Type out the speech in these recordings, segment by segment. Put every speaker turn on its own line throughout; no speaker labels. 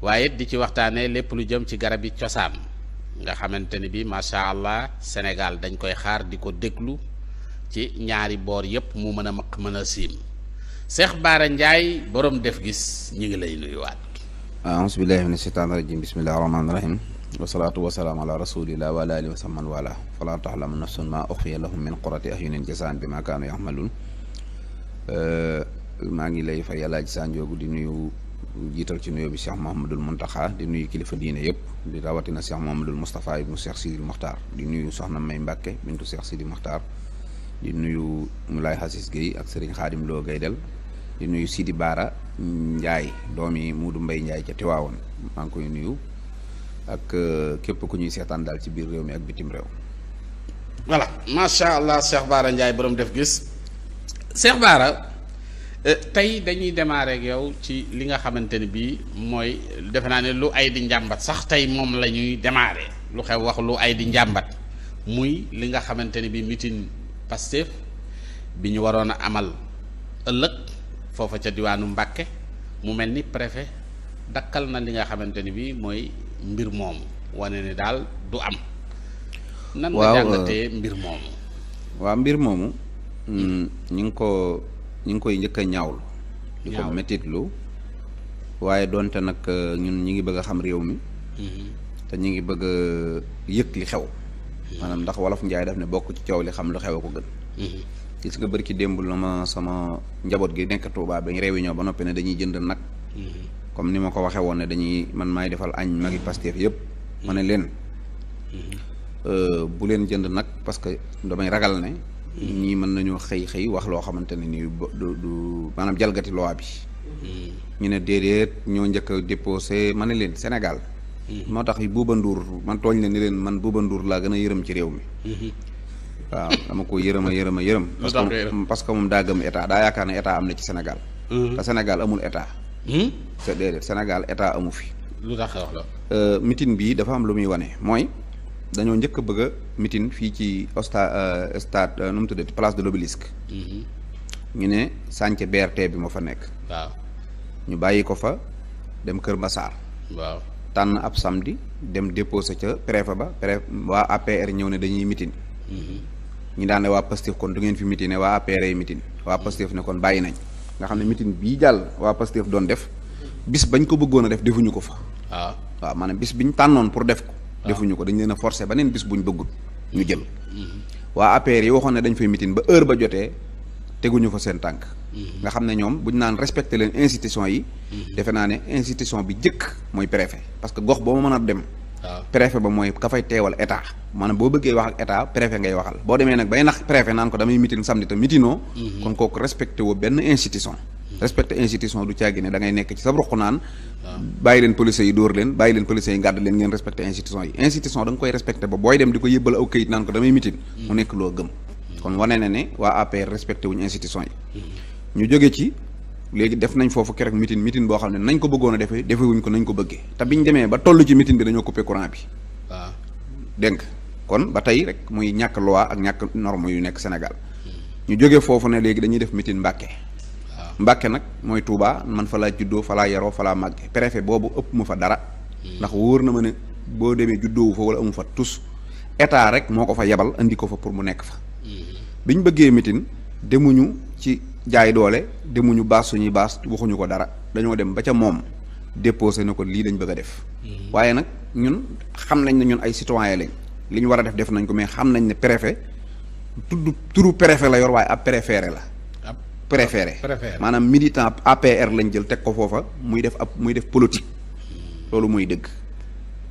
waaye di ci waxtaanee lépp lu jëm ci garab yi cosaan nga xamante ni bi macha allah Sénégal dañ koy xaar di ko déglu ci ñaari boor yépp mu mën a maq mën a siim Cheikh Bara Ndiaye borom def gis ñu ngi lay nuyuwaat.
auzu billahi mina shaytaani rajim bismillahi rahmaani rahim wasalaatu wasalaam ala rasulillah wa ala alihi wa wala fala taxlamu nafsun ma uxfiya lahum min qurati ahyunin bi ma kaanu yaxmalun maa ngi lay fa yàlla ji saa di nuyu jiital ci nuyoo bi Cheikh Mouhamadul Mountakha di nuyu kilifa diine yëpp di rawatina Cheikh Mouhamadul Moustapha mu Cheikh Sidil Mokhtar di nuyu Soxna May Mbacke bintu Cheikh Sidil Mokhtar di nuyu Moulay Hassis Guèye ak Serigne Khadim Lo Gaydel di nuyu Sidi Baara Ndiaye mu du Mbay Ndiaye ca Tiwaawoon maa ngi koy nuyu ak euh, képp ku ñuy seetaan daal ci biir réew mi ak bitim réew.
voilà macha allah Cheikh Baara Ndiaye borom def gis Cheikh Baara. Euh, tey dañuy démarrer yow ci li nga xamante ne bii mooy defe naa ne lu ay di njàmbat sax tey moom la ñuy démarrer lu xew wax lu ay di njàmbat muy li nga xamante ne bii meeting Pastef bi ñu waroon a amal ëllëg foofa ca diwaanu Mbàkke mu mel ni préfet dakkal na li nga xamante ni bii mooy mbir moomu wane ne daal du am. nan nga jàngatee euh, mbir moomu.
waaw mbir moomu. Mm, ñu ngi ko. ñu ngi koy njëkk a ñaawlu di ko métitlu waaye donte nag euh, ñun ñi ngi bëgg a xam réew mi mm-hmm. te ñu ngi bëgg a yëg li xew mm-hmm. maanaam ndax wolof njaay def ne bokk ci coow li xam lu xew a ko gën mm-hmm. gis nga bëri ci démb la ma sama njaboot gi nekk Touba bañ réunion ba noppi ne dañuy jënd nag comme ni ma ko waxee woon ne dañuy man maay defal añ magi Pastef yëpp ma ne leen euh, bu leen jënd nag parce que damay ragal ne ñii mën nañoo xëy xëy wax loo xamante ne nii du du jalgati loi bi. Hmm. ñu ne déedéet ñoo njëkk a déposé ma ne leen Sénégal. Hmm. moo tax Bouba Ndour man tooñ leen ni leen man Bouba laa gën a yërëm ci réew mi. Hmm. waaw dama ko yërëm a yërëm a yërëm. parce parce que moom daa gëm état daa yaakaar ne état am na ci Sénégal. te Sénégal amul état. te déedéet Sénégal état amu fi. lu tax la. mitin bii dafa am lu muy wane mooy. dañoo njëkk a bëgg a mitin fii ci osta euh, stade euh, nu mu tuddati place de l'obélisque mhm. ñu ne sànc BRT bi moo fa nekk waaw ñu bàyyi ko fa dem Kër Massar waaw tànn ab samedi dem déposé ca préfet ba préfet waa APR ñëw ne dañuy mitin mhm. ñu daan ne waa Pastef kon du ngeen fi mitin ne waa APR ay mitin waa Pastef ne kon bàyyi nañ nga xam ne mitin bii jàll waa Pastef doon def bis bañ ko bëggoon a def defuñu ko fa waaw waaw maanaam bis biñ tànnoon pour def ko defuñu ko dañu leen a forcé beneen bis buñ bëggul ñu jël mm-hmm. waa APR yi waxoon ne dañ fay mitin ba heure ba jotee teguñu ko seen tànk mm-hmm. nga xam ne ñoom buñ naan respecté leen institution yi mm-hmm. defe naa ne institution bi jëkk mooy préfet parce que gox boo ma mën a dem préfet ba mooy ka fay teewal état maanaam boo bëggee wax ak état préfet ngay waxal boo demee nag bay nax préfet naan ko damay mitin samedi te mitinoo kon kooku respecté woo benn institution respecté institution du caagi ne da ngay nekk ci sa ruq naan bàyyi leen police yi dóor leen bàyyi leen police yi ngàdd leen ngeen respecté institution yi institution da koy respecté ba booy dem di ko yëbbal aw kayit naan ko damay mitin mu nekk loo gëm kon wane na ne waa APR respecté wuñu institution yi jóge ci léegi def nañ foofu keroog mitin mitin boo xam ne nañ ko bëggoon a defee defee wuñ ko nañ ko bëggee ba toll ci mitin bi dañoo coupé courant ah. kon ba tey rek muy ñàkk loi ak ñàkk norme yu nekk Sénégal ñu jóge foofu ne léegi dañuy def mitin Mbàkke Mbàkke nag mooy Touba man fa laa juddoo fa laa yaroo fa laa màgge préfet boobu ëpp ma fa dara hmm. ndax wóor na ma ne boo demee juddoowu fa wala amu fa tus état rek moo ko fa yebal indi ko fa pour mu nekk fa hmm. bi ñu bëggee mitin demuñu ci jaay doole demuñu baas suñuy baas waxuñu ko dara dañoo dem ba ca moom déposé na ko lii dañ bëgg a def hmm. waaye nag ñun xam nañ ne ñun ay citoyen lañ li ñu war a def def nañ ko mais xam nañ ne préfet tudd turu préfet la yor waaye ab préféré la Ah, préféré maanaam militant APR lañ jël teg ko foofa muy def ab muy def politique loolu mooy dëgg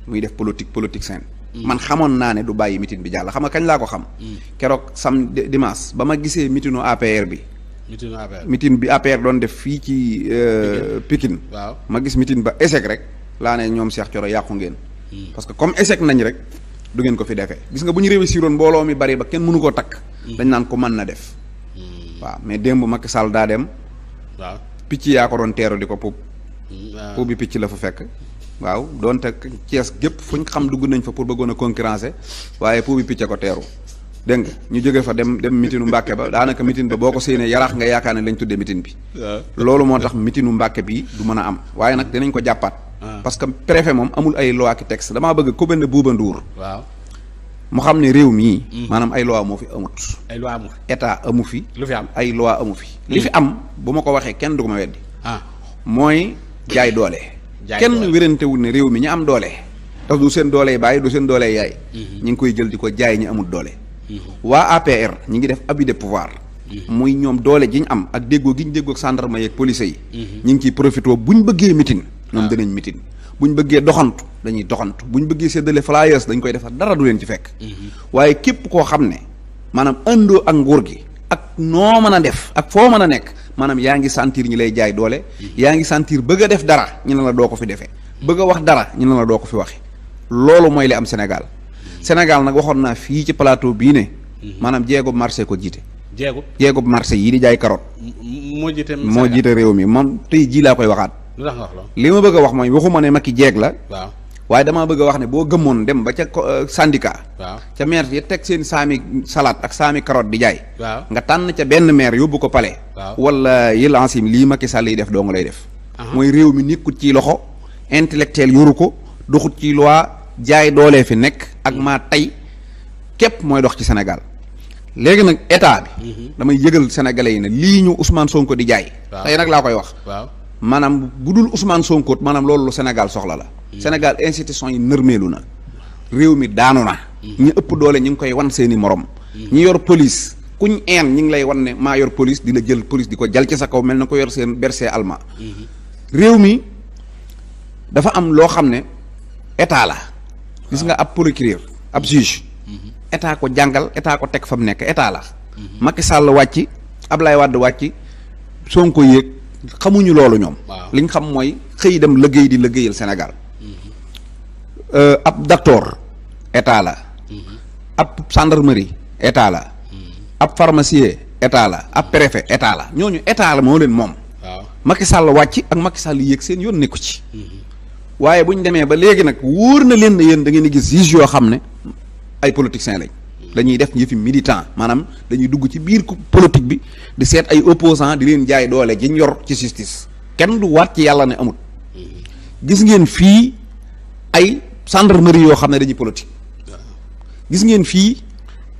muy def politique politique saine hmm. man xamoon naa ne du bàyyi mitin bi jàll xam nga kañ laa ko xam hmm. keroog sam dimanche ba ma gisee mitinu APR bi
mitin APR mitin
bi APR doon def fii ci. Euh, Pikine waaw ma gis mitin ba esec rek laa ne ñoom Cheikh Thioro yàqu ngeen. Hmm. parce que comme échec nañ rek du ngeen ko fi defee. gis nga bu ñu réussiroon mbooloo mi bari ba kenn mënu koo takk. dañ naan ko mën na def. waaw mais démb Macky Sall daa dem. waaw picc yaa ko doon teeru di ko puub. puub bi picc la fu fekk. waaw donte Thiès gépp fu ñu xam dugg nañ fa pour bëggoon a concurrencer waaye puub bi picc ko teeru. dégg nga ñu jóge fa dem dem mitinu Mbàkke ba daanaka mitin ba boo ko séenee yaraax nga yaakaar ne lañ tuddee mitin bi. loolu moo tax mitinu Mbàkke bi du mën a am waaye nag dinañ ko jàppaat. Ah. parce que préfet moom amul ay loi ki texte damaa bëgg ko benn Buuba Nduur waaw mu xam ne réew mii hmm. maanaam ay loi moo fi amut ay loi amu fi amu fi lu fi am ay loi amu fi hmm. li fi am bu ma ko waxee kenn du ko ma weddi ah mooy jaay doole kenn wérantewul ne réew mi ñu am doole daf du seen doole yi bàyyi du seen doole yaay hmm. ñi ngi koy jël di ko jaay ñi amul doole waa APR ñi ngi def abus de pouvoir muy ñoom doole ji ñu am ak déggoo gi ñu déggoo ak gendarme yeeg police yi ñi ngi ciy profité ñu bëggee mitin ñoom ah. dinañ mitin bu ñu bëggee doxantu dañuy doxantu bu ñu bëggee séddale flyers dañ koy defar dara du leen ci fekk. Mhm. waaye képp koo xam ne maanaam andoo ak nguur gi. ak noo mën a def ak foo mën a nekk maanaam yaa ngi sentir ñi lay jaay doole. Mhm. yaa ngi sentir bëgg def dara ñu ne la doo ko fi defee. bëgg wax dara ñu doo ko fi waxee. loolu mooy li am Sénégal. Mhm. Sénégal nag waxoon naa fii ci plateau bii ne. maanaam jéego marché ko jiite. jéego jéego marché yi ni jaay carotte.
moo jiite moo jiite
réew mi moom tey jii laa koy waxaat. lu wax loolu li ma bëgg a wax mooy waxuma ne Macky jeeg la. waaw waaye dama bëgg a wax ne boo gëmmoon dem ba ca euh, syndicat. waaw ca maire ya teg seen saami salaat ak saami carotte di jaay. nga tànn ca benn maire yóbbu ko palais. waaw wala lii Macky Sall yi def dong lay def. mooy réew mi nekkut ci loxo. intellectuel yoru ko doxut ci loi jaay doolee fi nekk ak hmm. maa tey képp mooy dox ci senegal léegi nag état bi. Hmm. damay yëgal sénégalais yi ne lii ñu Ousmane Sonko di jaay. tey nag laa koy wax. waaw maanaam bu dul Ousmane Sonko maanaam loolu lu Sénégal soxla la. Sénégal institution yi nërmeelu na. réew mi daanu na. ñu ëpp doole ñu ngi koy wan seen i morom. ñu yor police kuñ een ñu ngi lay wan ne maa yor police di la jël police di ko jal ci sa kaw mel na ko yor seen berse alma. réew mi dafa am loo xam ne état la. gis nga ah. ab procureur ab juge. état ko jàngal état ko teg fa mu nekk état la. Macky Sall wàcc Ablaye Wade wàcc Sonko yéeg. xamuñu loolu ñoom. li ñu xam mooy xëy dem liggéey di liggéeyal Sénégal. Mm-hmm. Euh, ab docteur état la. Mm-hmm. ab gendarmerie état la. Mm-hmm. ab pharmacien état la ab préfet état la ñooñu état la moo leen moom. waaw Sall wàcc ak Macky Sall yéeg seen yoon nekku ci. waaye bu ñu demee ba léegi nag wóor na leen ne yéen da ngeen di gis juge yoo xam ne ay politiciens lañ. dañuy def yëfi militant maanaam dañuy dugg ci biir politique bi di seet ay opposant di leen jaay doole jiñ yor ci justice kenn du waat ci yàlla ne amut gis ngeen fii ay gendarmerie yoo xam ne dañuy politique gis ngeen fii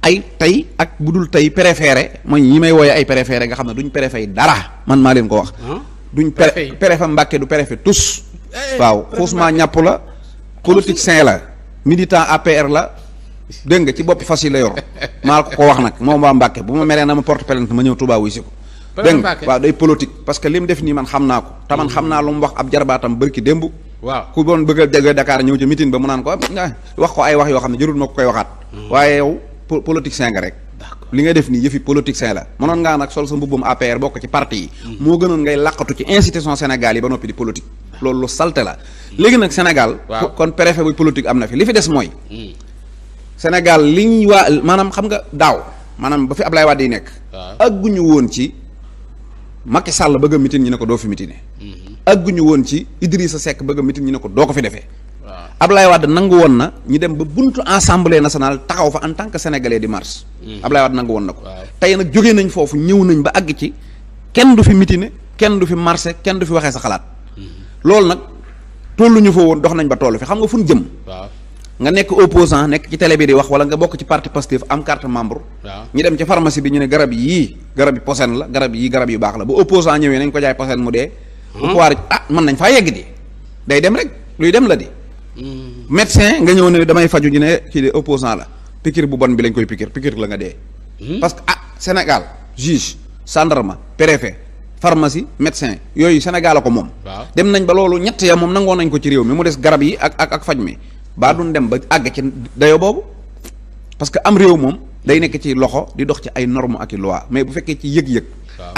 ay tey ak bu dul tey préféré mooy ñi may wooye ay préféré nga xam ne duñ préfet dara man maa leen ko wax ah? duñ préfet préfet Mbàkke du préfet tous eh, eh, waaw xuusmaa ñàpp la politique sain la militant APR la dégg nga ci boppi fas yi la yor maa ko ko wax nag moom waa Mbàkke bu ma meree na ma porte plainte ma ñëw Touba wuy si ko
dégg waaw day
politique parce que li def nii man xam naa ko te man xam naa lu mu wax ab jarbaatam bërki démb ku doon bëgg a jege ñëw ci meeting ba mu naan ko ah, wax ko ay wax yoo xam ne jërul ma ko koy waxaat hmm. waaye yow politicien nga rek li nga def nii yëfi politicien la mënoon ngaa nag sol sa mbubbum APR bokk ci parti yi hmm. moo gënoon ngay laqatu ci institution Sénégal yi ba noppi di politique hmm. am na fi li fi des mooy Sénégal liñ waa maanaam xam nga daaw maanaam ba fi Ablaye Wade yi nekk. agguñu woon ci Macky Sall bëgg a mitin ñu ne ko doo fi mitine. Mm-hmm. agguñu woon ci Idrissa Seck bëgg a mitin ñu ne ko doo ko fi defee. Ablaye Wade nangu woon na ñu dem ba buntu assemblée nationale taxaw fa en tant que sénégalais di marche. Mm-hmm. Ablaye Wade nangu woon na ko. tey nag jógee nañ foofu ñëw nañ ba àgg ci kenn du fi mitine kenn du fi marché kenn du fi waxee sa xalaat. Mm-hmm. loolu nag tolluñu fa woon dox nañ ba toll fi xam nga ñu jëm. nga nekk opposant nekk ci télé bi di wax wala nga bokk ci parti Pastef am carte membre ñu dem ci pharmacie bi ñu ne garab yii garab yi posen la garab yii garab yu baax la bu opposant ñëwee nañ ko jaay posen mu dee hmm. bu pouvoir ah mën faa yegg di day dem rek luy dem la di hmm. médecin nga ñëw ne damay faju ñu ne ci opposant la piqûre bu bon bi lañ koy piqûre piqûre la nga dee hmm. parce que ah Sénégal juge gendarme préfet pharmacie médecin yooyu Sénégal ko moom dem nañ ba loolu ñett ya moom nangoon nañ ko ci réew mi mu des garab yi ak ak ak faj mi baa duñ dem ba àgg ci dayo boobu parce que am réew moom day nekk ci loxo di dox ci ay normes ak i loi mais bu fekkee ci yëg-yëg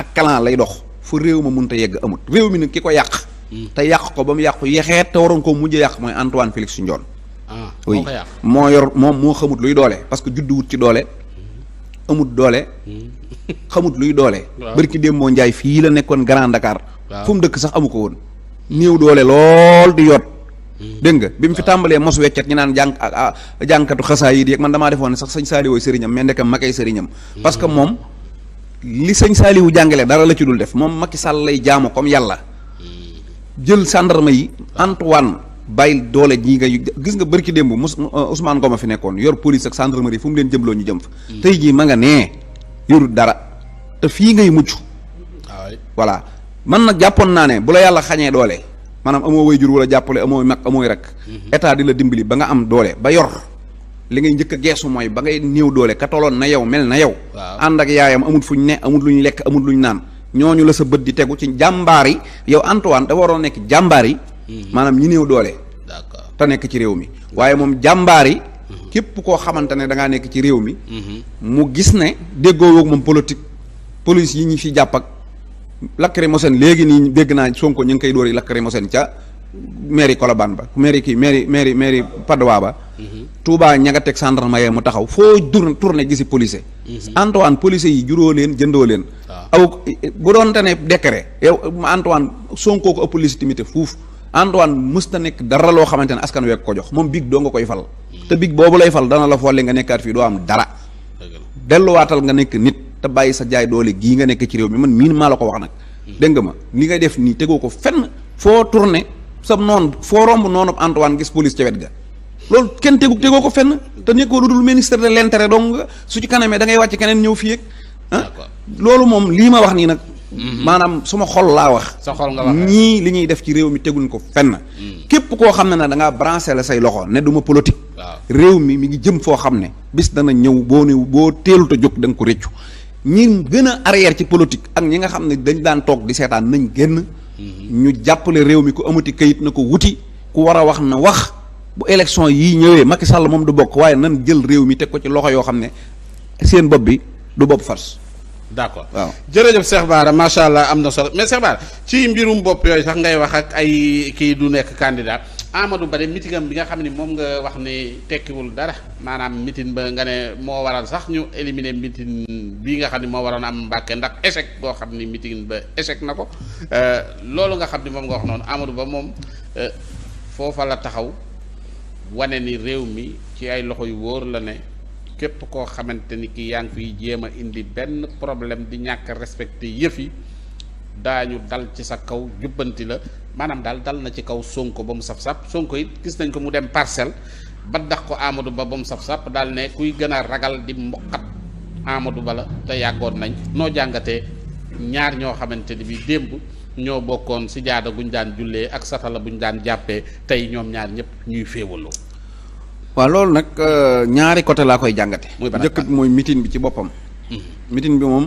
ak kalan lay dox fu réew ma mënta yegg amut réew mi nag ki ko yàq hmm. te yàq ko ba mu yàqu yexeet te waroon ko mujj yàq mooy Antoine Félix Ndione ah, oui moo yor moom moo xamut luy doole parce que judduwut ci doole hmm. amut doole
hmm.
xamut luy doole bari ki démb moo njaay fii la nekkoon Grand Dakar fu mu dëkk sax amu ko woon néew doole loo di yot dégg nga bi mu fi tàmbalee mos weccat ñu naan jàng ah, ah, jànkatu xasaa yi man damaa defoon ne sax sëñ Saaliw wooy sëriñam mais ndekam makay sëriñam parce que moom li sëñ Saaliwu jàngale dara la ci dul def moom Macky Sall lay jaamu comme yàlla jël gendarme yi Antoine bàyyil doole ñi nga gis nga bërki démb mus euh, Ousmane Ngom a fi nekkoon yor police ak gendarmerie fu mu leen loo ñu jëm fa mm. tey jii ma nga nee yorut dara te fii ngay mucc ah voilà man nag jàppoon naa ne bu la yàlla xañee doole maanaam amoo way jur wala jàppale amoo mag amooy rek mhm. état di la dimbali ba nga am doole ba yor li ngay jëkk a geesu mooy ba ngay néew doole ka toloon na yow mel na yow ànd ak yaayam amul fuñ ne amul lu ñu lekk amul lu ñu naan ñooñu la sa bët di tegu ci jàmbaar yi yow Antoine dafa waroon nekk jàmbaar yi mhm. maanaam ñi néew doole te nekk ci réew mi waaye moom jàmbaar yi mhm. képp koo xamante ne dangaa nekk ci réew mi mu gis ne déggoo woog moom politique police yi ñu fi jàpp lacrymogène léegi nii dégg naa Sonko ñu ngi koy dóori lacrymogène ca mairie Colobane ba mairie kii mairie mairie mairie Patte d'Oie ba mhm. Touba ña nga teg gendarme yee mu taxaw foo dur tourné gisi policier mhm. Antoine policier yi juróo leen jëndoo leen ah. aw bu doon te ne décret ma Antoine Sonko ko ëpp légitimité fuuf Antoine mës ta nekk dara loo xamante ne askan week ko jox moom big doo nga koy fal mhm. te big boobu lay fal dana la foole nga nekkaat fii doo am dara delluwaatal nga nekk nit te bàyyi sa jaay doole gii nga nekk ci réew mi man miin maa la ko wax nag dégg nga ma li ngay def nii tegoo ko fenn foo tourné sa noon foo romb noonu Antoine gis police ca wet ga loolu kenn tegu tegoo ko fenn te nekkoo lu dul ministre de l'intérêt donc nga su ci kanamee da ngay wàcc keneen ñëw fii ak ah? loolu moom lii ma wax nii nag mhm. maanaam suma xol laa wax sa xol nga wax li ñuy def ci réew mi teguñ ko fenn mhm. képp koo xam ne ne da ngaa branché la say loxo ne duma ma réew mi mi ngi jëm foo xam ne bis dana ñëw boo ne boo teelu ta jóg da nga ko réccu ñi gën a arrière ci politique ak ñi nga xam ne dañ daan toog di seetaan nañ génn. Mhm. ñu jàppale réew mi ku amati kayit na ko wuti ku war a wax na wax bu élection yii ñëwee Macky Sall moom du bokk waaye nan jël réew mi teg ko ci loxo yoo xam ne seen bopp bi du bopp fars d' accord waaw jërëjëf Cheikh
Bara macha allah am na solo mais Cheikh ci mbirum bopp yooyu sax ngay wax ak ay kii du nekk candidat Amadou Ba de mitingam bi nga xam ni moom nga wax ni tekkiwul dara maanaam mitin ba nga ne moo waral sax ñu éliminer mitin bii nga xam ni moo waroon am Mbàkke ndax échec boo xam ni mitin ba échec na ko euh, loolu nga xam ni moom nga wax noonu Amadou Ba moom euh, foofa la taxaw wane ni réew mi ci ay loxo yu wóor la ne. képp koo xamante ni ki yaa fiy jéem a indi benn problème di ñàkk respecté yëf yi daañu dal ci sa kaw jubbanti la maanaam daal dal na ci kaw Sonko ba mu saf-saf Sonko it gis nañ ko mu dem parcelle ba dax ko Amadou Ba ba mu saf-saf daal ne kuy gën ragal di mboqat Amadou Ba la te yàggoon nañ noo jàngatee ñaar ñoo xamante ni bi démb ñoo bokkoon si jaada guñ daan jullee ak satala buñ daan jàppee tey ñoom ñaar ñëpp ñuy féewaloo
waaw loolu nag euh, ñaari côté laa koy jàngate njëkk mooy mitin bi ci boppam mitin mm-hmm. bi moom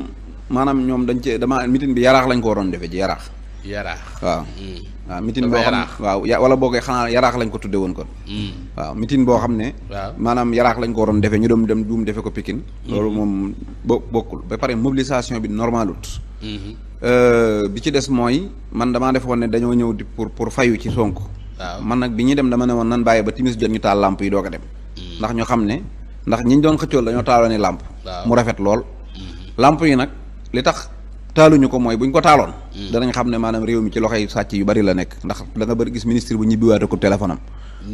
maanaam ñoom dañ cee damaa mitin bi yaraax lañ ko waroon defee ji yaraax yaraax waaw mm-hmm. waaw mitin boo xam wala boo koy xanaa lañ ko tudde woon kon
mm-hmm.
waaw boo xam ne maanaam yaraax lañ ko waroon defee ñu doom dem duum defe ko Pikine loolu moom bo bokkul ba pare mobilisation bi normalut euh, bi ci des mooy man damaa def ne dañoo ñëw di pour pour fayu ci sonk man nag bi ñuy dem dama ne woon nan bàyyi ba timis jot ñu taal làmp yi doog a dem mm. ndax ñu xam ne ndax ñi ñu doon xëccool lañoo taaloon làmp mu rafet lool mm-hmm. làmp yi nag li tax taaluñu ko mooy bu ñu ko taaloon mm. danañ xam ne maanaam réew mi ci loxoy sàcc yu bari la nekk ndax da bëri gis ministre bu ñibbi waate ko téléphone am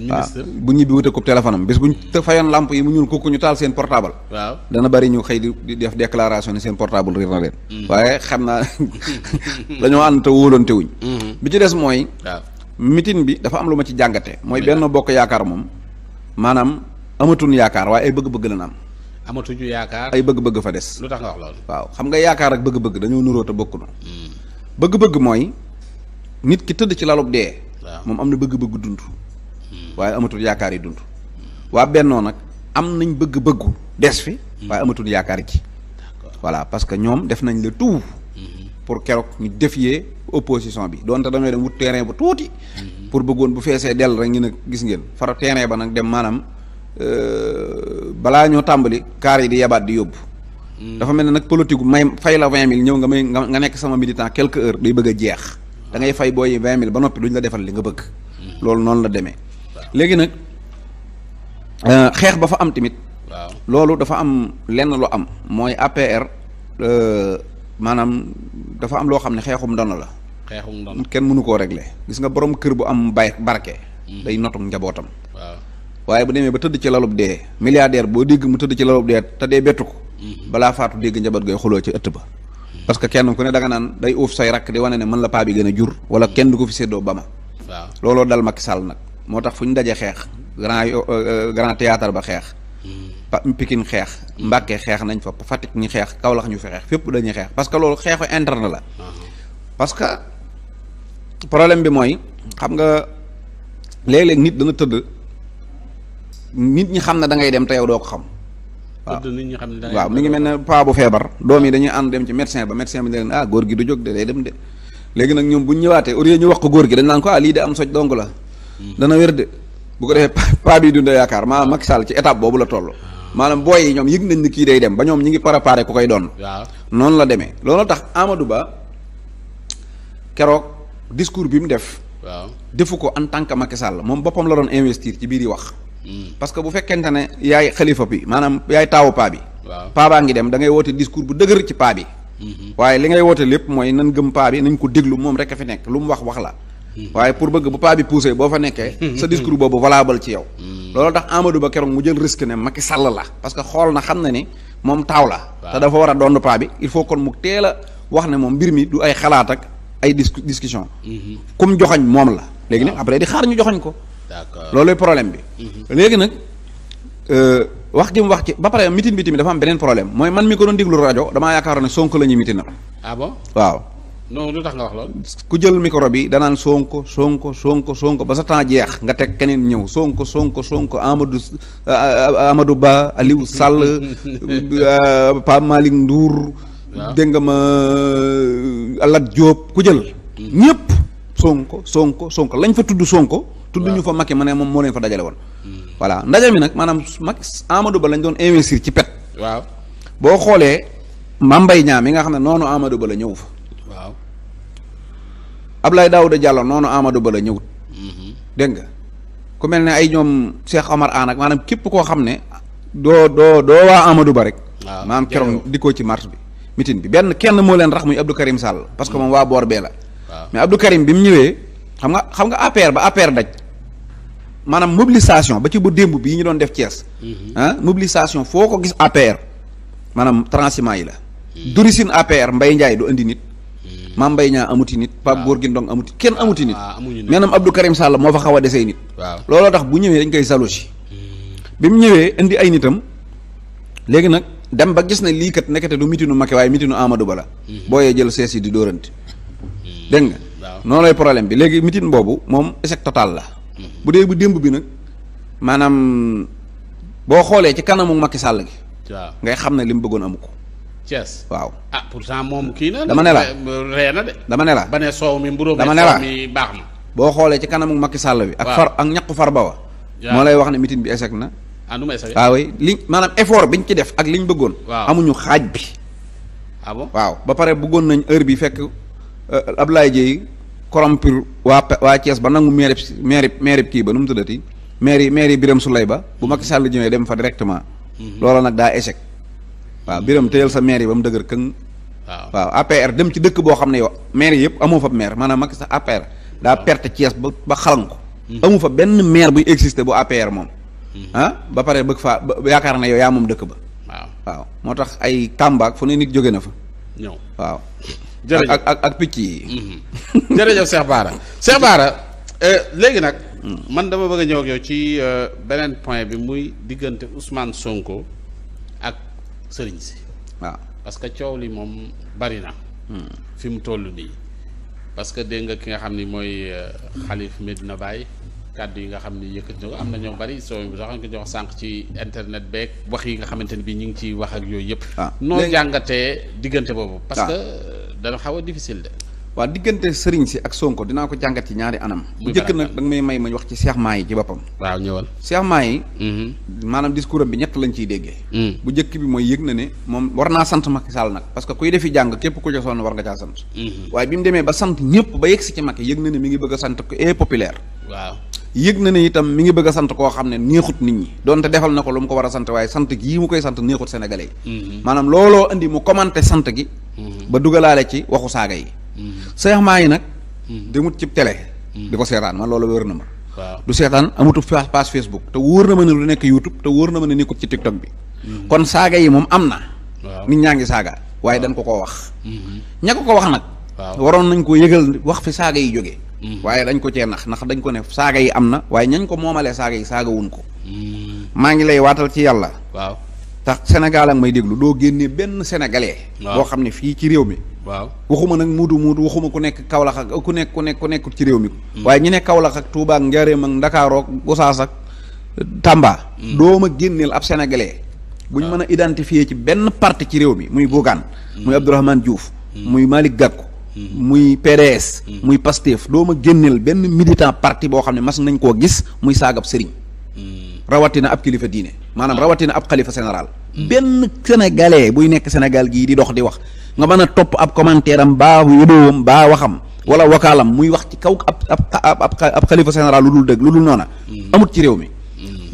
waaw bu ñibbi wute ko téléphone am bés bu ñu fayoon lamp yi mu ñuul kooku ñu taal seen portable waaw dana bari ñu xëy di def déclaration ne seen portable réer na leen mm-hmm. waaye xam naa dañoo ànd te wóolante wuñ mm-hmm. bi ci des mooy mitin bi dafa am lu ma ci jàngate mooy benn bokk yaakaar moom maanaam amatuñu yaakaar waaye ay bëgg-bëgg lañ am.
amatuñu yaakaar ay
bëgg-bëgg fa des. lu tax nga wax loolu. waaw xam nga yaakaar ak bëgg-bëgg dañoo nuróo te bokk na. Hmm. bëgg-bëgg mooy nit ki tëdd ci lalub dee. moom am na bëgg-bëgg dund. Hmm. waaye amatul yaakaar yi dund. waa bennoo nag am nañ bëgg-bëggu des fi. Hmm. waaye amatul yaakaar ci. voilà parce que ñoom def nañ le tout. pour keroog ñu défier opposition bi donte dañoo dem wut terrain bu tuuti. pour bëggoon bu feesee dell rek ñu ne gis ngeen fara terrain ba nag dem maanaam euh, balaa ñoo tàmbali kaar yi di yabaat di yóbbu. dafa mel ne nag politique may fay la vingt mille ñëw nga may nga nekk sama militant quelques heures day bëgg a jeex. dangay fay booy vingt mille ba noppi duñ la defal li nga bëgg. loolu noonu la demee. léegi nag euh, xeex ba fa am tamit. loolu dafa am lenn lu am mooy APR euh, maanaam dafa am loo xam ne xeexum ndono la. xeexu kenn mënu koo régler gis nga borom kër bu am bay barke. Hmm. day notum njabootam. waaye bu demee ba tëdd ci lalub dee. milliardaire boo dégg mu tëdd ci lalub dee te dee bettu ko. Hmm. balaa faatu dégg njaboot gay xuloo ci ëtt ba. Hmm. parce que kenn ku ne danga naan day uuf say rakk di wane ne mën la paa bi gën a jur. wala kenn du ko fi séddoo ba ma. looloo dal Macky Sall nag moo tax fu ñu daje xeex grand euh, euh, grand théâtre ba xeex. pa Pikine xeex. Mbàkke xeex nañ fa Fatick ñu xeex Kaolack ñu fi xeex fépp dañuy xeex que loolu xeexu interne la. Uh-huh. problème bi mooy xam nga léeg-léeg nit dana tëdd nit ñi xam na dangay dem te yow doo ko xam. waaw
tëdd nit xam ne waaw
mi ngi mel ne paa bu feebar doom yi dañuy ànd dem ci médecin ba médecin bi ne leen ah góor gi du jóg de dem de léegi nag ñoom bu ñu ñëwaatee au ñu wax ko góor gi dañ naan ko ah lii de am soj dong la. Hmm. dana wér de bu ko defee paa bi dunda yaakaar maa Macky Sall ci étape boobu la toll. Ah. maanaam booy yi ñoom yëg nañ ni kii day dem ba ñoom ñi ngi préparé ku koy doon. waaw noonu la demee loolu tax Amadou Ba keroog discours bi mu def. defu ko en tant que Macky Sall moom boppam la doon investir ci biir yi wax. Hmm. parce que bu fekkente ne yaay xalifa bi maanaam yaay taawu paa bi. waaw paa baa ngi dem da ngay woote discours bu dëgër ci paa bi. Hmm. waaye li ngay woote lépp mooy nan gëm paa bi nañ ko déglu moom rek a fi nekk lu mu wax wax la. Hmm. waaye pour bëgg bu paa bi poussé boo fa nekkee. sa discours boobu valable ci yow. loolu tax Amadou Ba keroog mu jël risque ne Macky Sall la parce que xool na xam na ni moom taaw la. te dafa war a dond paa bi il faut kon mu teel a wax ne moom mbir mi du ay xalaat ay discussion comme joxoñ moom la léegi nag ah. après di xaar ñu joxoñ ko looluy problème bi mhm. léegi nag euh, wax gi wax ci ba pare mitin bi tamit dafa am beneen problème mooy man mi ko doon déglu rajo damaa yaakaar ne Sonko la ñuy mitinal ah bon waaw
non lu tax nga wax lool.
ku jël micro bi danaan sonk Sonko Sonko sonk ba sa temps jeex nga teg keneen ñëw sonk sonk sonk Amadou euh, euh, Amadou Ba Aliou Sall Pape Malick Ndour dégg nga ma Lat Diop ku jël. Mm. ñëpp Sonko Sonko Sonko lañ fa tudd Sonko. tudduñu ñu fa Macky ma ne moom moo leen fa dajale woon. Mm. voilà ndaje mi nag maanaam Macky Amadou Ba lañ doon investir ci pet. waaw boo xoolee. Mambay ñaam mi nga xam ne noonu Amadou Ba la ñëw fa. waaw Ablaye Daouda Diallo noonu Amadou Ba la ñëwut. Mm-hmm. dégg nga ku mel ne ay ñoom Cheikh Omar Anne maanaam képp koo xam ne. doo doo doo waa Amadou Ba rek. waaw maanaam keroog dikkoo ci marche bi. meeting bi benn kenn moo leen rax muy Abdou Karim Sall parce que moom waa boor bee la mais Abdou Karim bi mu ñëwee xam nga xam nga APR ba APR daj maanaam mobilisation ba ci bu démb bii ñu doon def cees mhm. ah mobilisation foo ko gis APR maanaam transiment yi la mhm. durisin APR mbay Ndiaye du indi nit mhm. maam mbay Niang amuti nit Pape Gorgui Ndong amuti kenn amuti nit ah, maanaam Abdou Karim Sall moo fa xaw a desee nit looloo tax bu ñëwee dañ koy salusi bi mu ñëwee indi ay nitam léegi dem ba gis na lii kat nekkate du mitinu Macky waaye mitinu Amadou Ba la. Mhm. booyee jël sees yi di dóorante. Mhm. dégg nga. lay problème bi léegi mitin boobu moom échec total la. Mhm. bu dee bu démb bi nag maanaam boo xoolee ci kanamu makki sàll gi. ngay xam ne li mu bëggoon amu ko. Thiès waaw
ah pourtant moom kii na. dama ne na dama ne la ba soow mi mburóom dama ne baax na.
boo xoolee ci kanamu Macky Sall bi. ak far ak ñàkku far ba wa. moo lay wax ne mitin bi échec na. ah nu ma essayé waaw ah, liñ maanaam effort biñ ci def ak li ñu bëggoon. waaw amuñu xaaj bi. Ah waaw ba pare bëggoon nañu heure bi fekk euh, Ablaye Dieye corrompre waa waa Thiès ba nangu maire maire maire kii ba nu mu tuddati maire maire Birame Souleye ba bu Macky Sall ñëwee dem fa directement. Mhm. loola nag daa échec. waaw biram téyal sa maire yi ba mu dëgër këng. waaw waaw APR dem ci dëkk boo xam ne yow maire yëpp amoo fa maire maanaam Macky sa APR daa perte Thiès ba ba xalan ko. Mhm. amu fa benn maire buy exister bu APR moom. Ah, ba pare bëgg faa yaakaar na yow yaa moom dëkk ba. waaw waaw moo tax ay Tamba fu ne nit jóge na fa. ñëw waaw. jërëjëf ak ak ak picc yi. Mhm. jërëjëf Cheikh Bara Cheikh Bara euh, léegi nag.
man dama bëgg a ñëw ak yow ci euh, beneen point bi muy diggante Ousmane Sonko ak sëriñ si. waaw parce que coow li moom bari na. Hmm. fi mu toll nii parce que dégg nga ki nga xam ni mooy xalif euh, Medina Baye. kàddu yi nga xam ne yëkkati na ko am na ci internet beeg wax yi nga xamante ne bi ñu ngi ciy wax ak yooyu yëpp. Ah, noo jàngatee diggante boobu. Ah. parce que dana xaw a
difficile de. waaw diggante sëriñ si ak Sonko dinaa ko jàngat ci ñaari anam. bu jëkk nag da may may ma wax ci Cheikh Mahi ci boppam. waaw ñëwal Cheikh Mahi. Mm-hmm. maanaam discours am bi ñett lañ ciy déggee. Mm. bu jëkk bi mooy yëg na ne moom war naa sant ma Sall nag parce que kuy defi jàng képp ku ca sonn war nga caa sant. Mm-hmm. waaye bi mu demee na ne mi ngi bëgg a sant ko eh, yëg na ne itam mi ngi bëgg sant koo xam ne neexut nit ñi donte defal na ko lu mu ko war a sant waaye sant gi mu koy sant neexut sénégalais yi mhm. maanaam looloo indi mu commenté sant gi mhm. ba dugalaale ci waxu saaga yi seex maa yi nag mhm. demut ci télé di ko seetaan man loolu wér na ma waaw du seetaan amatul page Facebook te wóor na ma ne lu nekk YouTube te wóor na ma ne nekkut ci TikTok bi kon saaga yi moom am na nit ñaa ngi saaga waaye dañ ko ko wax ña ko wax nag waroon nañ ko yëgal wax fi saaga yi jógee Mm-hmm. waaye dañ ko cee nax ndax dañ ko ne saaga yi am na waaye ñañ ko moomalee saaga yi saagawuñ ko mm-hmm. maa ngi lay waatal ci yàlla waaw tax Sénégal ak may déglu doo génnee benn sénégalais boo xam ne fii ci réew mi waaw waxuma nag muudu muudu waxuma ku nekk Kaolack ku nekk ku nekk ku nekkul ci réew mm-hmm. waaye ñu ne Kaolack ak Touba ak Njaaréem ak Ndakaaroog Gosaas ak euh, Tamba doo ma génneel ab sénégalais ah. bu ñu mën a identifier ci benn parti ci réew mi muy Bougane muy Abdourahmane Diouf muy Malick Gakou Mm-hmm. muy PDS. Mm-hmm. muy Pastef doo ma génneel benn militant parti boo xam ne mas nañ koo gis muy saagab sëriñ. Mm-hmm. rawatina ab kilifa diine maanaam ah. rawatina ab xalifa sénéral benn sénégalais buy nekk Sénégal gii di dox di wax nga mën a topp ab commentaire am baa widéowam baa waxam. wala wakaalam muy wax ci kaw ab ab ab xalifa général lu dul dëgg lu dul noona. amut ci réew mi.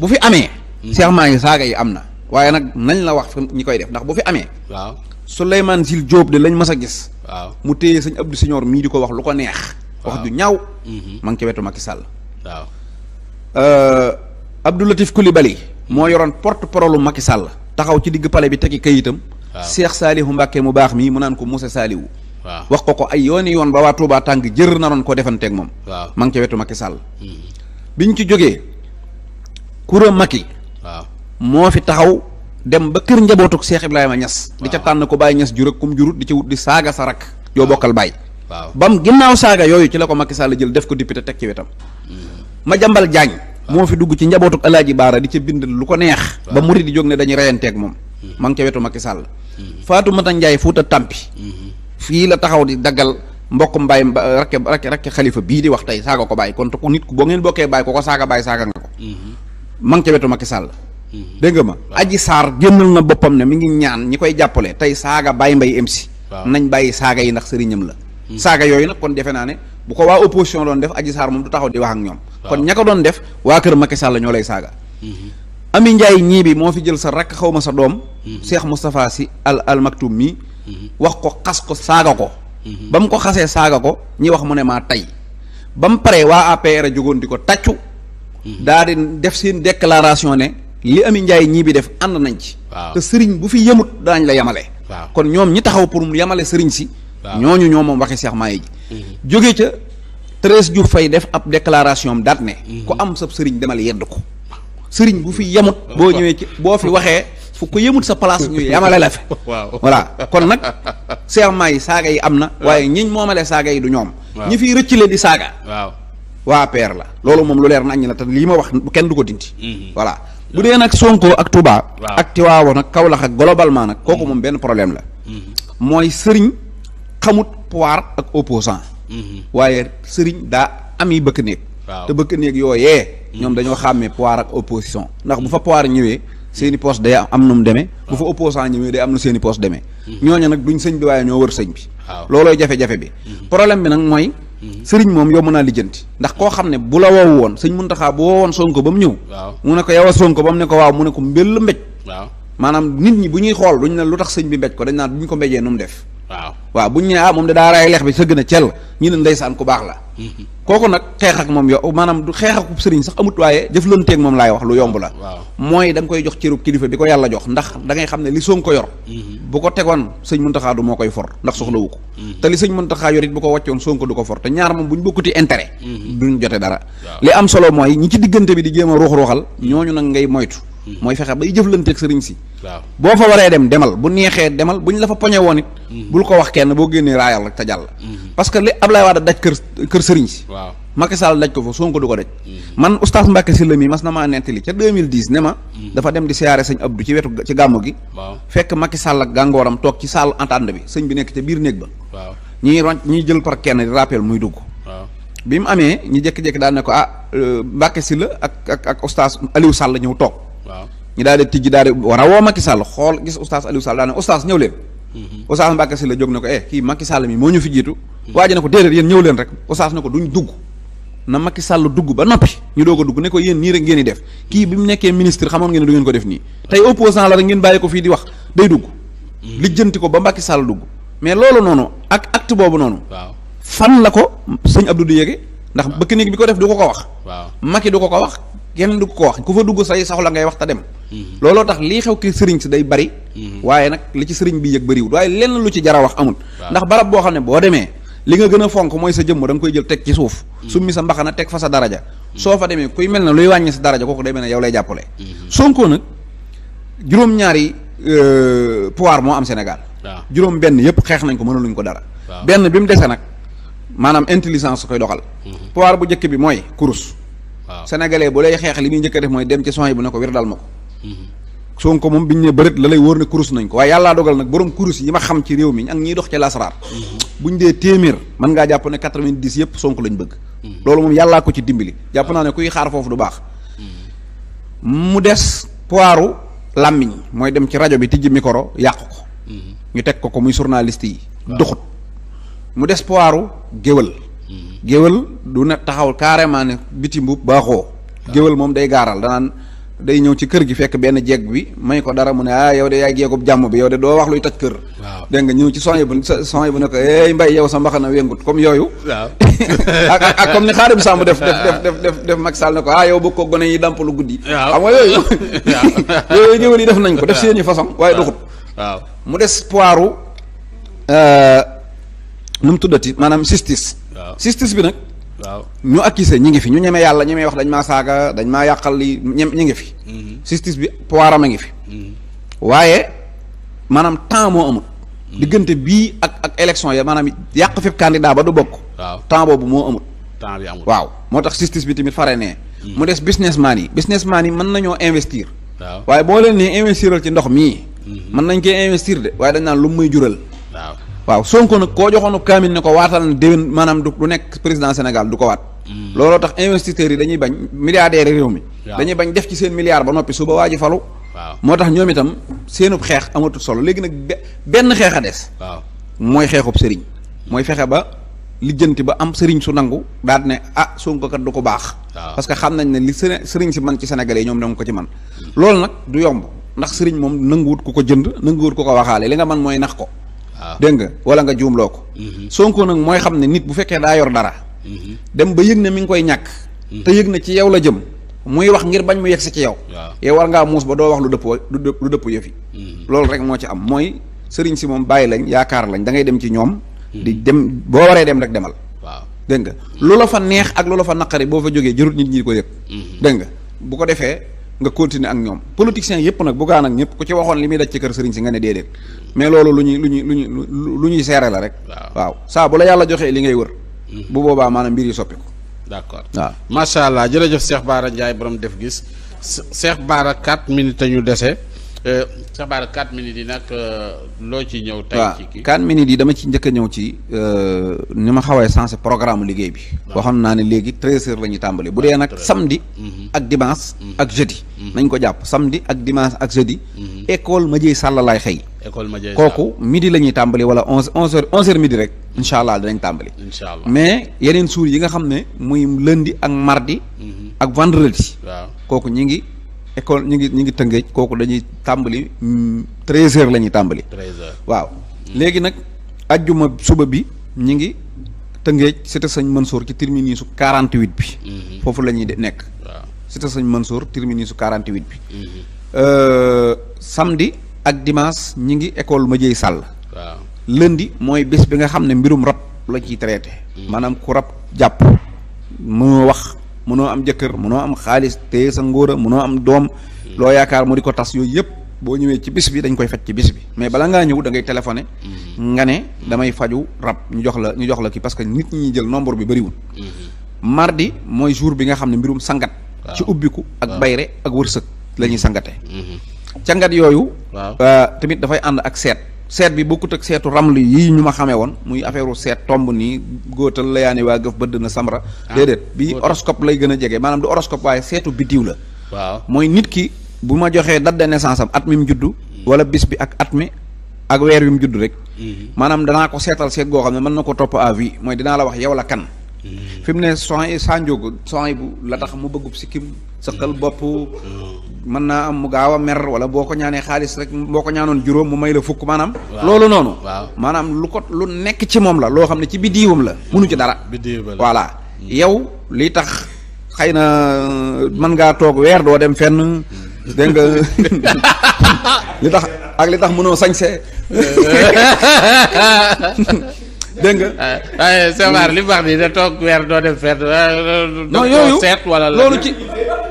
bu fi amee. seex maa saaga yi am na waaye nag nañ la wax ñi koy def ndax bu fi amee. waaw Souleymane Jules Diop de lañ mas a gis. waaw mu téye sañ Abdou Senghor mii di ko wax lu ko neex. wax ju ñaaw. Mhm. ma ngi ca wetu Macky Sall. waaw. Euh, Abdou Latif Coulibaly moo yoroon porte parole Macky Sall taxaw ci diggu pale bi tegi kayitam. waaw Cheikh Salihu Mbacke mu baax mii mu naan ko Moussa Salihu. waaw wax ko ko ay yooni yoon ba waa Touba tàng jër naroon koo defanteeg moom. waaw ma ngi ca wetu Macky Sall. Mhm. ci jógee. Koura Macky. moo fi taxaw. dem ba kër njabootuk Cheikh ma Niass. di ca tànn ko bàyyi ñas jur ak kum jurut di ci wut di saaga sa rak. yoo bokkal bàyyi. bam ginnaaw saaga yooyu ci la ko Macky Sall jël def ko député teg ci wetam. Mm. ma jambal jaañ. moo fi dugg ci njabootuk Alaaji Baara di ca bind lu ko neex. ba murid di jóg ne dañuy reyanteeg moom. Mm. ma ngi wetu Macky Sall. Mm. Fatoumata Ndiaye Fouta Tampi. Mm-hmm. fii la taxaw di daggal. mbokk mbaay rakke rakke rakke xalifa bii di wax tey saaga ko bàyyi kon te ku nit ku boo ngeen bokkee bàyyi ko ko saaga bàyyi saaga nga ko. Mm-hmm. ma ngi ca wetu Macky Sall Mhm. dégg nga ma aji saar génnal na boppam ne mi ngi ñaan ñi koy jàppale tey saaga bàyyi mbay MC nañ bàyyi saaga yi ndax sëriñam la mhm. saaga yooyu nag kon defe naa ne bu ko waa opposition doon def aji saar moom du di wax ak ñoom kon ña doon def waa kër Macky Sall ñoo lay saaga mhm. Ami Njaay ñii bi moo fi jël sa rakk xaw ma sa doom Cheikh Moustapha Sy al al Maktoum mii wax ko xas ko saaga ko ba mu ko xasee saaga ko ñi wax mu ne maa tey ba mu paree waa APR a jógoon di ko tàccu daa di def seen déclaration ne li ami njaay ñii bi def ànd nañ ci. te sëriñ bu fi yemut daañ la yemale. kon ñoom ñi taxaw pour mu yemale sëriñ si. ñooñu ñoo moom waxi Cheikh Maye ji. Mhm. jóge ca Thérèse Diouf fay def ab déclaration am daat ne. Mhm. ku am sa sëriñ demal yedd ko. sëriñ bu fi yemut. boo ñëwee ci boo fi waxee. fu ko yemut sa place ñu yamale la fi. waaw kon nag. Cheikh Maye saaga yi am na. waaye ñiñ moomale saaga yi du ñoom. ñi fiy rëccale di saaga. waa peer la. loolu moom lu leer nañ la te lii ma wax kenn du ko dindi. Mhm. voilà. bu dee nag Sonko ak Touba. ak Tiwaawoon ak Kaolack ak globalement nag kooku mm-hmm. moom benn problème la. Mm-hmm. mooy sëriñ xamut pouvoir ak opposant mm-hmm. waaye sëriñ daa ami bëkk néeg te bëkk néeg yooyee. ñoom dañoo xàmmee pouvoir ak opposition ndax bu fa pouvoir ñëwee seeni poste day am nu mu demee. bu fa opposant ñëwee day am nu seeni poste demee. ñooñu nag duñ sëñ bi waaye ñoo wër sëñ bi. loolooy jafe-jafe bi. problème bi nag mooy. sëriñ moom yomb naa lijjanti ndax koo xam ne bu la woow woon sëñ Muntaxa bu woon Sonko ba mu ñëw mu ne ko yow a Sonko ba mu ne ko waaw mu ne ko mbéll mbéj waaw maanaam nit ñi bu ñuy xool duñ ne lu tax sëñ bi mbéj ko dañ naan bu ñu ko mbéjee nu mu def waaw waaw buñ ne ah moom de daa raay leex bi sëgg na cell ñu ne ndeysaan ku baax la kooku nag xeex ak moom yo maanaam du xeex ak sëriñ sax amut waaye jëflanteeg moom laay wax lu yomb la mooy da nga koy jox cërub kilifa bi ko yàlla jox ndax dangay xam ne li ko yor mhm. bu ko tegoon sëñ Muntaxa xaadu moo koy for ndax soxlawu ko mhm. te li sëñ Muntaxa yor it bu ko wàccoon Sonko du ko for te ñaar moom bu ñu bokkuti intérêt mhm. duñ jote dara li am solo mooy ñi ci diggante bi di jéem a ruux ruuxal ñooñu nag ngay moytu Mm-hmm. mooy fexe bay jëflanteeg sëriñ si boo fa waree dem demal bu neexee demal bu ñu la fa poñe woon it mm-hmm. bul ko wax kenn boo génnee raayal rek te jàll mm-hmm. parce que li Ablaye Wade daj kër kër sëriñ si waaw Macky Sall daj ko fa Sonko du ko daj man oustaz Mbacke Sylla mii mas na maa nettali ca mill 2010 ne ma dafa dem di siyaare sëñ Abdou ci wetu ci gàmmu gi fekk Macky Sall ak gàngooram toog ci salle entente bi sëñ bi nekk ca biir néeg ba waaw ñiy ron jël par kenn di muy dugg bi mu amee ñu jékki daal ne ko ah euh, Mbacke Sylla ak ak ak oustaz Aliou Sall ñëw toog waaw ñu daal di tijji daal di war a woo Macky Sall xool gis oustaz Aliou Sall daal ne oustaz ñëw leen mhm. oustaz Mbacke Sylla jóg na ko eh kii Macky Sall mi moo ñu fi jiitu mhm. waa ji ko déedéet yéen ñëw leen rek oustaz na ko duñ dugg na Macky Sall dugg ba noppi ñu doo ko dugg ne ko yéen nii rek ngeen di def kii bi mu nekkee ministre xamoon ngeen ne du ngeen ko def nii tey opposant la rek ngeen bàyyi ko fii di wax day dugg mhm. lijjanti ko ba mbakki Sall dugg mais loolu noonu ak acte boobu noonu fan la ko sëñ Abdou di yége ndax bëkk néeg bi ko def du ko ko wax Macky du ko ko wax kenn du ko wax ku fa dugg say soxla ngay wax te dem mhm. looloo tax lii xew ki sëriñ si day bari mhm. waaye nag li ci sëriñ bi yëg bariwul waaye lenn lu ci jara wax amul ndax barab boo xam ne boo demee li nga gën a fonk mooy sa jëmm da koy jël teg ci suuf mhm. summi sa mbaxana teg fa sa daraja soo fa demee kuy mel na luy wàññi sa daraja kooku demee mel ne yow lay jàppale Sonko nag juróom-ñaari euh, pouvoir moo am Sénégal juróom benn yëpp xeex nañ ko luñ ko dara benn bi mu dese nag maanaam intelligence koy doxal bu njëkk bi mooy kurus sénégalais bu lay xeex li muy njëkk a def mooy dem ci son yi bu ne ko wirdal ma ko mhm. Sonko moom biñu ne bërët la lay wóor ne kurus nañ ko waaye yàlla dogal nag borom kurus yi ma xam ci réew mi ak ñiy dox ci lasaraar mhm. buñ dee téeméer mën ngaa jàpp ne quatre-vingt-dix yëpp Sonko lañ bëgg mhm. loolu moom yàllaa ko ci dimbali jàpp naa ne kuy xaar foofu du baax mu des poiru làmmiñ mooy dem ci rajo bi tijji micro yàq ko ñu teg ko ko muy journaliste yi doxut des poiru géwël géwal du ne taxaw carrément ne biti mbub baaxoo ah. géwal moom day gaaral danaan day ñëw ci kër gi fekk benn jeeg bi may ko dara mu ne ah yow de yaay jeegub jàmm bi yow de doo wax luy taj kër dégg nga ñëw ci soñe bu soñe bu ne ko ey mbay yow sa mbaxana wengut comme yooyu ak ak comme ni xaarim sàmb def def def def ko ah yow bëgg ko gone yi dàmpalu guddi xam nga yooyu yooyu géwal yi def nañ ko def seeni façon waaye doxut waaw mu des poiru euh, nu mu tuddati maanaam sistis justice bi nag. ñu accusé ñi ngi fi ñu ñeme yàlla ñeme wax dañ maa saaga dañ maa yàqal li ñem ñi ngi fi. justice mhm. bi pouvoiram a ngi fi. Mhm. waaye maanaam temps moo amul. Mhm. diggante bii ak ak élection ya maanaam yàq fépp candidat ba du bokk. waaw temps boobu moo amul. temps bi amul waaw moo tax justice bi tamit fare nee. mu des businessman yi businessman yi mën nañoo investir. waaw waaye boo leen nee investiral ci ndox mii. mën nañ koy investir de waaye dañ naan lu muy jural. waaw Sonko nag koo joxoonu kaamil ne ko waatal na déwén maanaam du du nekk président Sénégal du ko waat hmm. looloo tax investisseurs yi dañuy bañ milliardaires réew mi dañuy bañ def ci seen milliard ba noppi suba waa ji falu moo tax ñoom itam seenub xeex amatul solo léegi nag benn xeex a des mooy xeexub sëriñ mooy fexe ba lijjanti ba am sëriñ su nangu daal ne ah Sonko kat du ko baax parce que xam nañ ne li sëriñ si man ci Sénégalais yi ñoom danga ko ci man hmm. loolu nag du yomb ndax sëriñ moom nanguwut ku ko jënd nanguwut ku ko waxaale li nga man mooy nax ko Ah. dégg nga wala nga juumloo ko mhm. Sonko nag mooy xam ne nit bu fekkee daa yor dara mhm. dem ba yëg ne mi ngi koy ñàkk mhm. te yëg na ci yow la jëm muy wax ngir bañ mu yegg si ci yow yow war ngaa muus ba doo wax lu dëpp lu dëpp yëfi loolu rek moo ci am mooy sëriñ si moom bàyyi lañ yaakaar lañ da ngay dem ci ñoom di dem boo waree dem rek demal waaw dégg nga lu la fa neex ak lu la fa naqari boo fa jógee jërut nit ñi ko yëg dégg nga bu ko defee nga continuer ak ñoom politiciens yëpp nag bu gaa nag ñëpp ku ci waxoon li muy daj ci kër sëriñ si nga ne déedéet mais loolu lu ñuy lu ñuy lu ñuy lu ñuy seere la rek. waaw saa bu la yàlla joxee li ngay wër. Mm-hmm. bu boobaa maana mbir yi soppiku. d'accord waa macha allah jërëjëf Cheikh baara
Ndiaye borom def gis Cheikh baara 4 minutes ñu dese. Euh, sabar 4 minutes yi nag euh, loo ci ñëw. tey ci kii yi dama
ci njëkk a ñëw ci euh, ni ma xawee chance programme liggéey bi. waxoon naa ne léegi 13h la tàmbali bu dee nag samedi. Mhm. ak dimance mhm. ak jeudi. Mhm. nañ ko jàpp samedi ak dimanche ak jeudi. école ma Sall laay xëy.
école Madieye kooku
midi la ñuy tàmbali wala 11 11h 11h midi rek. incha allah dinañ tàmbali. incha allah mais yeneen suur yi nga xam ne muy lëndi ak mardi. ak vendredi. kooku ñi ngi. école ñu ngi ñu ngi tëngéej kooku dañuy tàmbali mm, treize heures la ñuy tàmbali. treize waaw. Mm. léegi nag ajjuma suba bi ñu ngi tëngéej cité Sëñ Mansour ci terminus su 48 bi. Mm-hmm. foofu la ñuy nekk. waaw cité Sëñ Mansour terminus su 48 bi. Mm-hmm. Euh, samedi ak dimanche ñi ngi école ma Sall. waaw lëndi mooy bés bi nga xam ne mbirum rab la ciy traité. Mm-hmm. maanaam ku rab jàpp mu wax. mënoo am jëkkër mënoo am xaalis téye sa ngóora mënoo am doom loo yaakaar moo di ko tas yooyu yëpp boo ñëwee ci bis bi dañ koy faj ci bis bi mais bala ngaa ñëw da ngay mm-hmm. nga ne damay faju rab ñu jox la ñu jox la ki parce que nit ñi jël nombre bi bëriwul
mm-hmm.
mardi mooy jour bi nga xam ne mbirum sangat ci ubbiku ak bayre ak wërsëg sa ñuy sangate mm-hmm. cangat yooyu euh, tamit dafay ànd ak seet seet bi boo ko ak seetu ramli yii ñu ma xamee woon muy affaire seet tomb nii góotal la layaani waa gëf bëdd na samra ah, déedéet bi horoscope lay gën a jege maanaam du horoscope waaye seetu biddiw la waaw mooy nit ki bu ma joxee date de am at mi mu juddu hmm. wala bis bi ak at mi ak weer wi mu juddu rek hmm. maanaam danaa ko seetal seet goo xam ne mën na ko topp à mooy dinaa la wax yow la kan fi mu ne son saa njóogu son bu la tax mu bëggub sikkim sëqal bopp mën naa am mu gaaw a mer wala boo ko ñaanee xaalis rek boo ko ñaanoon juróom mu may la fukk maanaam loolu noonu maanaam lu ko lu nekk ci moom la loo xam ne ci biddiiwam la munu ci dara voilà yow li tax xëy na euh, mën ngaa toog weer doo dem fenn dégg nga li tax ak li tax mënoo sañse dégg nga. Ah,
waaye Sëñ li mu wax nii toog weer doo dem feer. Ah, non yooyu loolu ci.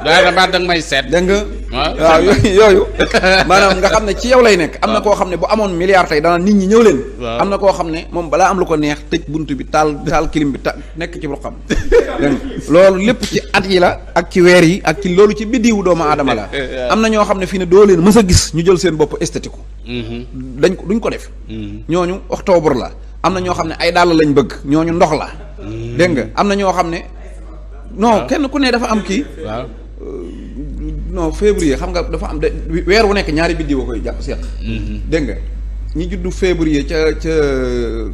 da maa da nga may seet. dégg nga waaw yooyu. maanaam nga xam ne ci yow lay nekk. am na koo xam ne bu amoon milliard tey dana nit ñi ñëw leen. am na koo xam ne moom balaa am lu ko neex tëj bunt bi taal taal kilim bi ta nekk ci ruqam. dégg nga loolu lépp ci at yi la ak ci weer yi ak ci loolu ci biddiwu doomu aadama la. am na ñoo xam ne fii ne doo leen mës gis ñu jël seen bopp esthétique. Mhm. dañ ko duñ ko def. Mhm. ñooñu octobre la. am na ñoo xam ne ay dàll lañ bëgg ñooñu ndox la.
Hmm. dégg nga
am na ñoo xam ne. no kenn ku ne dafa am kii. waaw euh, non février xam nga dafa am de weer wu nekk ñaari biddiw a koy jàpp seet. Hmm. dégg nga ñi juddu février ca ca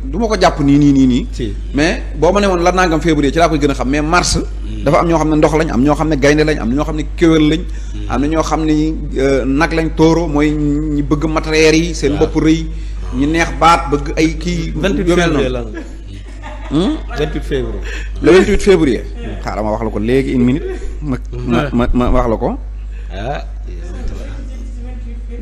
duma ko jàpp nii nii nii nii. mais boo ma ne woon la nangam février ci laa koy gën a xam mais mars. Hmm. dafa am ñoo xam ne ndox lañ am ñoo xam ne gaynde lañ am na ñoo xam ne kéwél lañ. am na ñoo xam ne euh, nag lañ tóoro mooy ñi bëgg matériel yi. seen bopp rëy. ñu neex baat bëgg ay kii. yu mel noonu 28 février lan la. Hmm? 28 février. ma wax la ko léegi une minute. ma ma ma wax la ko. ah.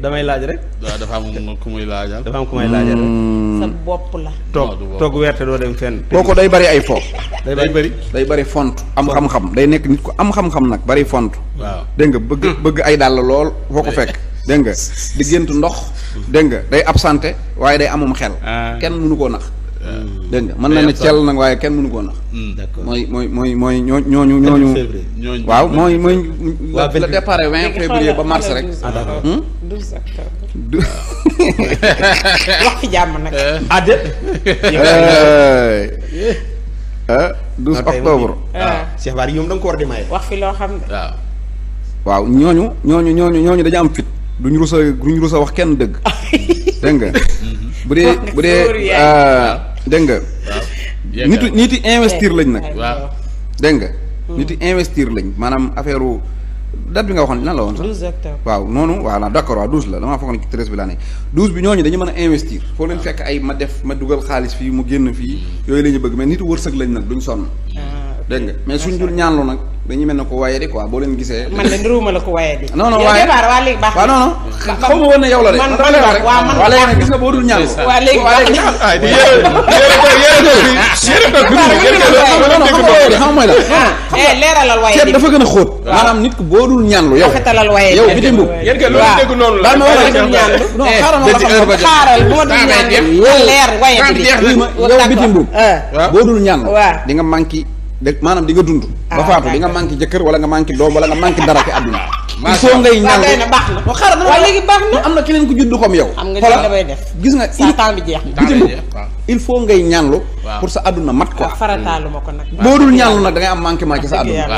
damay laaj rek. waaw dafa
am ku muy laajal. dafa am ku may laajal rek. Hmm. sa bopp la. toog toog werte doo dem boo ko
day bari ay fo. day bari day bari font. am xam-xam day nekk nit ko am xam-xam nag bari font. waaw dégg nga bëgg hmm. bëgg ay dàll lool foo ko fekk. dégg nga di gént ndox dégg nga day absenté waaye day amum xel ah. kenn mënu koo nax ah. dégg nga mën na ne cell nag waaye kenn mënu koo nax hmm, mooy mooy mooy mooy ñoo ñooñu ñooñu waaw mooy mooy la départ vingt février ba mars rek douze ah,
octobre
hmm? wax fi jàmm nag ah déet
douze octobre
Cheikh Bara ñoom da nga ko war di
waaw ñooñu ñooñu ñooñu ñooñu dañu am fit duñ rus a duñ rus a wax kenn dëgg dégg nga bu dee bu dee ah, dégg nga nitu niti investir lañ nag dégg nga hmm. niti investir lañ maanaam affaire u date bi nga waxoon lan la woon sax waaw noonu voilà d'accord waaw douze la damaa foog ne ci treize bi laa ne douze bi ñooñu dañu mën a investir foo leen fekk ay ma def ma dugal xaalis fii mu génn fii hmm. yooyu la ñu bëgg mais nitu wërsëg lañ nag duñ sonn ah. dégg nga mais suñ dul ñaanlu nag dañu mel ne ko waaye di quoi boo leen gisee. man de niruwuma la ko waaye di. non non waaye yow waa léegi baax na. waaw non yow la de. man man a yéen a di
ceeb dafa gën a xóot.
waaw maanaam nit ku boo dul ñaanlu yow. rafetalal waaye di yow di yow bi boo dul ñaanlu di nga manqué de maanaam dinga nga dund. Ah, ba faatu di nga manqué jëkkër wala nga manqué doom wala nga manqué dara ci àdduna. il faut ngay ñaan baax na waaw xaaral léegi baax na am na keneen ku judd comme yow. xam nga li damay def gis nga. sa temps jeex na il faut ngay ñaanlu. pour sa àdduna mat quoi. farataalu ma ko nag. boo dul ñaanlu nag da am manquement ci sa àdduna.